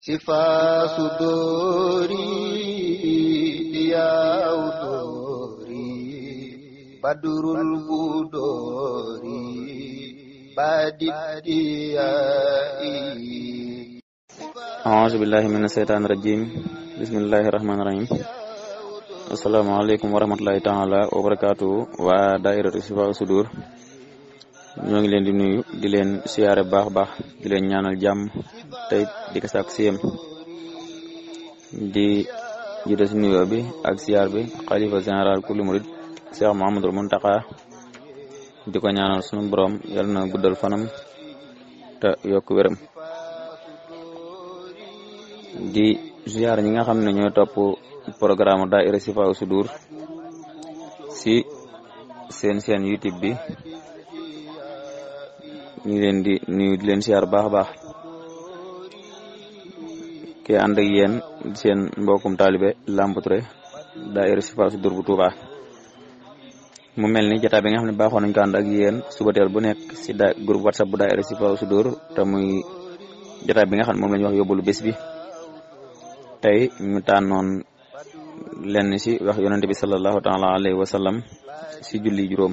sifa sudori ya utori badurul budori badidiyai A'udzu billahi minas syaitonir rajim Bismillahirrahmanirrahim Assalamualaikum warahmatullahi taala wabarakatuh wa dairatu sifa sudur ñu ngi leen di nuyu di leen siaré bax bax di leen ñaanal jam tay di di jiite suñu bi ak siyaar bi xalifa général kulli murid Cheikh Mouhamadul Muntaqa di ko ñaanal sunu borom yàlla na guddal fanam ta yok di ziar ñi nga xam ne program topp programme daayira sifa Sudur si sen sen YouTube bi ñu leen di nuyu di leen bah baax ke ande ak yéen mbokum talibé taalibe Lamp Touré daayira Chifaa'u Sudur bu touba mu melni ni bi nga xamné ne baaxoon nañ ko and ak suba bu nek ci da groupe whatsapp bu ci Chifaa'u dur ta muy jotaay bi nga xamné mom lañ wax yobul bes bi tey ñu tànnoon lenn ci wax bi sallallahu taala alayhi wa sallam si julli juróom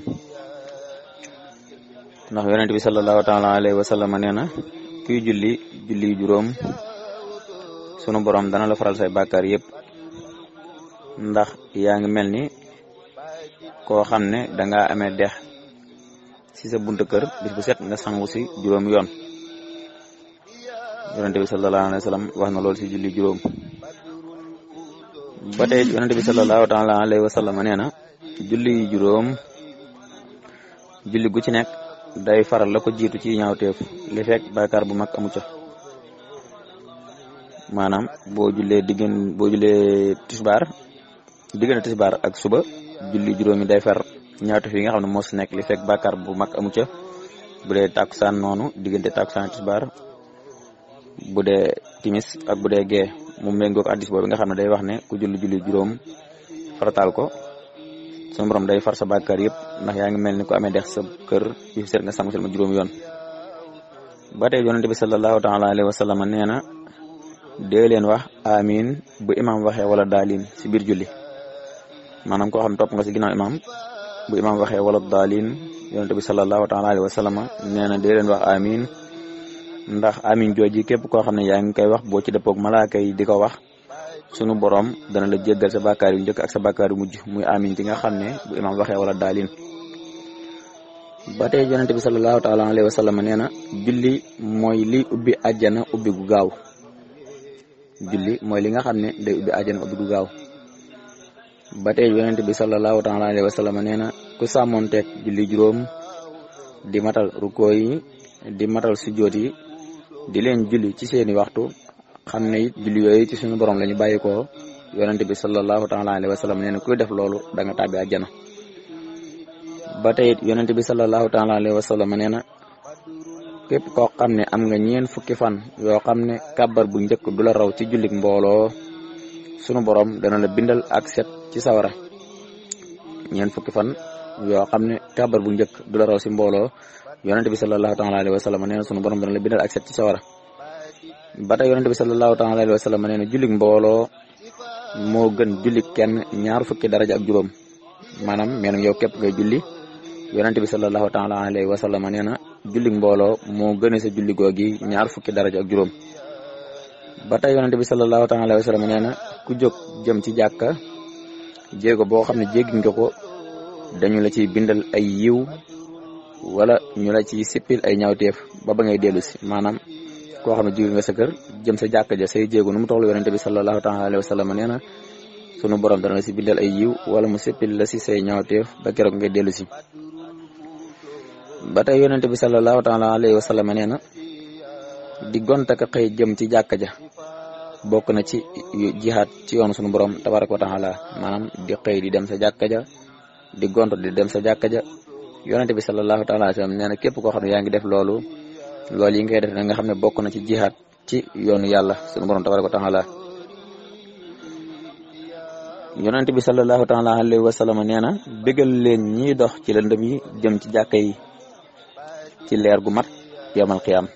ndax yonente bi sallallahu taala alayhi wa sallam neena na kuy julli julli sunu borom dana la faral say bakkar yëpp ndax yaa ngi mel ni koo xam ne danga amee dex ci sa buntu kër bis bu set nga sangu si juróom yoon yonente bi sallallahu wax na loolu si julli juróom ba tey yonente bi sallallahu taala alayhi wa sallam nee na julli juróom julli gu ci nekk day faral la ko jiitu ci ñaawteef li fekk bakkar bu mag amu ca manam bo digen, digen bo jullee tisbar digen tisbar ak suba julli juróomi day far ñaatu fi nga xamne mo moo si li fek bàkkaar bu mak amu ca bu dee nonu noonu diggante takusaan tisbaar bu timis ak bu dee gee mu ak hadith boobu nga xamne ne day wax ne ku julli julli juróom faratal ko suñu borom day far sa bàkkaar yëpp ndax ya nga melni ko amé dex sa kër yu nga sangu ma yoon ba tay yonnabi sallallahu taala alayhi wa sallam de len wax amin bu imam waxe wala dalin ci bir julli manam ko xam top nga ci ginaaw imam bu imam waxe wala dalin yaronte bi sallallahu taala alayhi wa sallama nee na dee wax amin ndax amin joji kep ko xamne ya ngi koy wax bo ci depok malaaka yi diko wax sunu borom dana la jéggal sa bakkar yu njëkk ak sa bakkar yu mujj muy amin gi nga xamne bu imam waxe wala dalin batay yaronte bi sallallahu taala alayhi wa sallama na julli mooy li ubbi aljana ubbi gu gaaw julli moy li nga xamne day ubi aljana ubi gaw batay yonent bi sallallahu taala alayhi wa sallam na ku samonté julli juroom di matal ruko yi di matal sujjoot yi di len julli ci seeni waxtu xamne ne julli yoy ci suñu borom lañu bayiko yonent bi sallallahu taala alayhi wa sallam na def lolu da nga tabbi aljana batay yonent bi sallallahu taala alayhi wa sallam na kep ko xamne ne am nga ñeen fukki fan yo xamne ne bu ñeek du la raw ci julik mbolo suñu borom dana la bindal ak set ci sawara ñeen fukki fan yo xamne ne bu ñeek du la raw ci mbolo yaronte bi salallahu taala alayhi wa sallam nee na borom dana la bindal ak set ci sawara ba tey yonente bi sallallahu taala alayhi wa sallam nee na gën julik kenn ñaar fukki daraja ak juroom manam meen yow kep ngay julli yaronte bi sallallahu taala julli mbolo mo gëne sa julli gogi ñaar fukki daraja ak juroom ba tay yonente bi sallallahu taala wa sallam ku jog jëm ci jakka jéego bo xam ne jéggi nga ko dañu la ci bindal ay yiw wala ñu la ci sipil ay ñaawteef ba ba ngay delusi si ko koo xam nga sa kër jëm sa jakka ja say jéego nu mu bi sallallahu taala wa sallam sunu borom dara ci bindal ay yiw wala mu sipil la si say ñaawteef ba ngay delusi ba tey yonent bi sallallahu taala alayhi wa sallam nee na di gont ak xëy jëm ci jàkka ja bokk na ci jihaat ci yoonu sunu borom tabaraka wa taala maanaam di xëy di dem sa jàkka ja di gont di dem sa jàkka ja yonent bi sallallahu taala alayhi wa sallam nee na képp koo xam ne yaa ngi def loolu loolu yi ngay def na nga xam ne bokk na ci jihaat ci yoonu yàlla sunu borom tabaraka wa taala yonent bi sallallahu taala alayhi wa sallam nee na bégal leen ñiy dox ci lëndëm yi jëm ci jàkka yi ci leer gu mat yawmal qiyaam